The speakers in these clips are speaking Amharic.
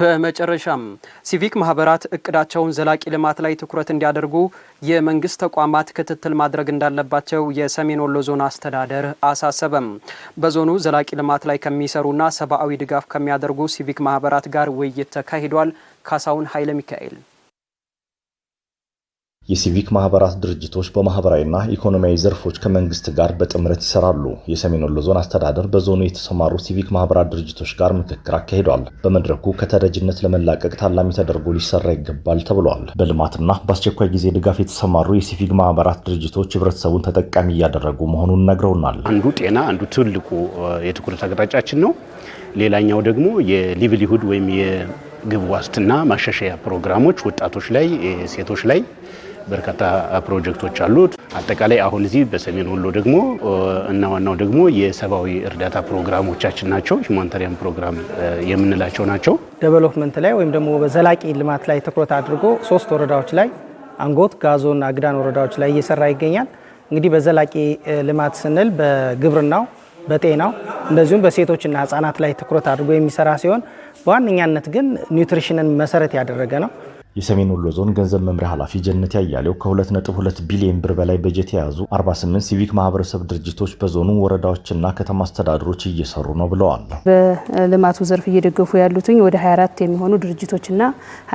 በመጨረሻም ሲቪክ ማህበራት እቅዳቸውን ዘላቂ ልማት ላይ ትኩረት እንዲያደርጉ የመንግስት ተቋማት ክትትል ማድረግ እንዳለባቸው የሰሜን ወሎ ዞን አስተዳደር አሳሰበም። በዞኑ ዘላቂ ልማት ላይ ከሚሰሩና ሰብአዊ ድጋፍ ከሚያደርጉ ሲቪክ ማህበራት ጋር ውይይት ተካሂዷል። ካሳሁን ኃይለ ሚካኤል የሲቪክ ማህበራት ድርጅቶች በማህበራዊና ኢኮኖሚያዊ ዘርፎች ከመንግስት ጋር በጥምረት ይሰራሉ። የሰሜን ወሎ ዞን አስተዳደር በዞኑ የተሰማሩ ሲቪክ ማህበራት ድርጅቶች ጋር ምክክር አካሂዷል። በመድረኩ ከተረጅነት ለመላቀቅ ታላሚ ተደርጎ ሊሰራ ይገባል ተብሏል። በልማትና በአስቸኳይ ጊዜ ድጋፍ የተሰማሩ የሲቪክ ማህበራት ድርጅቶች ህብረተሰቡን ተጠቃሚ እያደረጉ መሆኑን ነግረውናል። አንዱ ጤና፣ አንዱ ትልቁ የትኩረት አቅጣጫችን ነው። ሌላኛው ደግሞ የሊቭሊሁድ ወይም ግብ ዋስትና ማሻሻያ ፕሮግራሞች ወጣቶች ላይ፣ ሴቶች ላይ በርካታ ፕሮጀክቶች አሉት። አጠቃላይ አሁን እዚህ በሰሜን ወሎ ደግሞ እና ዋናው ደግሞ የሰብአዊ እርዳታ ፕሮግራሞቻችን ናቸው። ሂማንታሪያን ፕሮግራም የምንላቸው ናቸው። ዴቨሎፕመንት ላይ ወይም ደግሞ በዘላቂ ልማት ላይ ትኩረት አድርጎ ሶስት ወረዳዎች ላይ አንጎት፣ ጋዞና አግዳን ወረዳዎች ላይ እየሰራ ይገኛል። እንግዲህ በዘላቂ ልማት ስንል በግብርናው፣ በጤናው እንደዚሁም በሴቶችና ህጻናት ላይ ትኩረት አድርጎ የሚሰራ ሲሆን በዋነኛነት ግን ኒውትሪሽንን መሰረት ያደረገ ነው። የሰሜን ወሎ ዞን ገንዘብ መምሪያ ኃላፊ ጀነት ያያሌው ከ2.2 ቢሊዮን ብር በላይ በጀት የያዙ 48 ሲቪክ ማህበረሰብ ድርጅቶች በዞኑ ወረዳዎችና ከተማ አስተዳደሮች እየሰሩ ነው ብለዋል። በልማቱ ዘርፍ እየደገፉ ያሉትኝ ወደ 24 የሚሆኑ ድርጅቶችና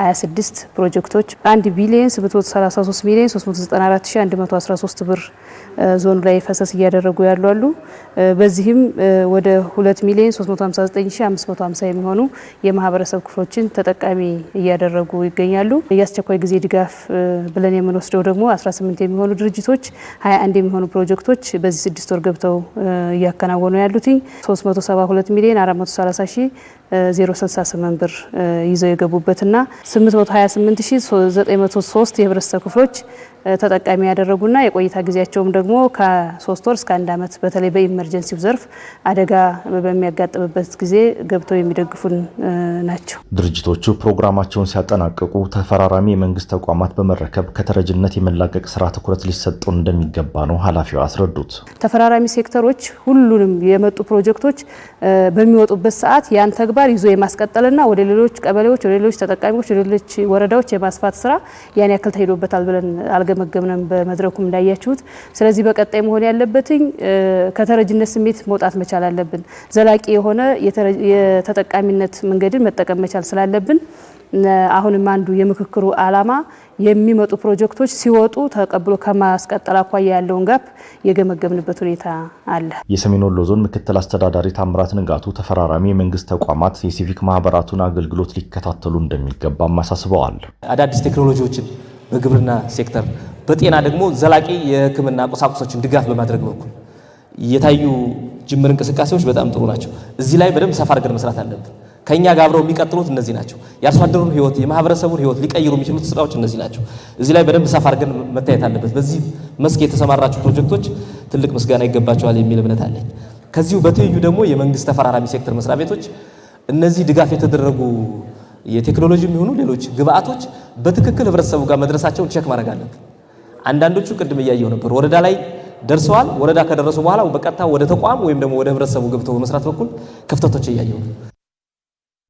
26 ፕሮጀክቶች 1 ቢሊዮን 733 ሚሊዮን 394113 ብር ዞኑ ላይ ፈሰስ እያደረጉ ያሉ አሉ። በዚህም ወደ 2 ሚሊዮን 359550 የሚሆኑ የማህበረሰብ ክፍሎችን ተጠቃሚ እያደረጉ ይገኛሉ። ይገኛሉ። የአስቸኳይ ጊዜ ድጋፍ ብለን የምንወስደው ደግሞ 18 የሚሆኑ ድርጅቶች 21 የሚሆኑ ፕሮጀክቶች በዚህ ስድስት ወር ገብተው እያከናወኑ ያሉትኝ 372 ሚሊዮን 430 ሺህ 068 ብር ይዘው የገቡበትና 828903 የህብረተሰብ ክፍሎች ተጠቃሚ ያደረጉና የቆይታ ጊዜያቸውም ደግሞ ከሶስት ወር እስከ አንድ ዓመት በተለይ በኢመርጀንሲው ዘርፍ አደጋ በሚያጋጥምበት ጊዜ ገብተው የሚደግፉን ናቸው። ድርጅቶቹ ፕሮግራማቸውን ሲያጠናቅቁ ተፈራራሚ የመንግስት ተቋማት በመረከብ ከተረጅነት የመላቀቅ ስራ ትኩረት ሊሰጠው እንደሚገባ ነው ኃላፊው አስረዱት። ተፈራራሚ ሴክተሮች ሁሉንም የመጡ ፕሮጀክቶች በሚወጡበት ሰዓት ያን ተግባር ይዞ የማስቀጠልና ወደ ሌሎች ቀበሌዎች፣ ወደ ሌሎች ተጠቃሚዎች፣ ወደ ሌሎች ወረዳዎች የማስፋት ስራ ያን ያክል ተሄዶበታል ብለን አልገመገምንም፣ በመድረኩም እንዳያችሁት። ስለዚህ በቀጣይ መሆን ያለበትኝ ከተረጅነት ስሜት መውጣት መቻል አለብን። ዘላቂ የሆነ የተጠቃሚነት መንገድን መጠቀም መቻል ስላለብን አሁንም አንዱ የምክክሩ ዓላማ የሚመጡ ፕሮጀክቶች ሲወጡ ተቀብሎ ከማስቀጠል አኳያ ያለውን ጋፕ የገመገብንበት ሁኔታ አለ። የሰሜን ወሎ ዞን ምክትል አስተዳዳሪ ታምራት ንጋቱ ተፈራራሚ የመንግስት ተቋማት የሲቪክ ማህበራቱን አገልግሎት ሊከታተሉ እንደሚገባም አሳስበዋል። አዳዲስ ቴክኖሎጂዎችን በግብርና ሴክተር፣ በጤና ደግሞ ዘላቂ የህክምና ቁሳቁሶችን ድጋፍ በማድረግ በኩል የታዩ ጅምር እንቅስቃሴዎች በጣም ጥሩ ናቸው። እዚህ ላይ በደንብ ሰፋ አድርገን መስራት አለብን። ከኛ ጋር አብረው የሚቀጥሉት እነዚህ ናቸው። የአርሶ አደሩን ህይወት፣ የማህበረሰቡን ህይወት ሊቀይሩ የሚችሉት ስራዎች እነዚህ ናቸው። እዚህ ላይ በደንብ ሰፋ አድርገን መታየት አለበት። በዚህ መስክ የተሰማራቸው ፕሮጀክቶች ትልቅ ምስጋና ይገባቸዋል የሚል እምነት አለኝ። ከዚሁ በትይዩ ደግሞ የመንግስት ተፈራራሚ ሴክተር መስሪያ ቤቶች እነዚህ ድጋፍ የተደረጉ የቴክኖሎጂ የሚሆኑ ሌሎች ግብአቶች በትክክል ህብረተሰቡ ጋር መድረሳቸውን ቼክ ማድረግ አለብን። አንዳንዶቹ ቅድም እያየው ነበር ወረዳ ላይ ደርሰዋል። ወረዳ ከደረሱ በኋላ በቀጥታ ወደ ተቋም ወይም ደግሞ ወደ ህብረተሰቡ ገብተው በመስራት በኩል ክፍተቶች እያየው ነው።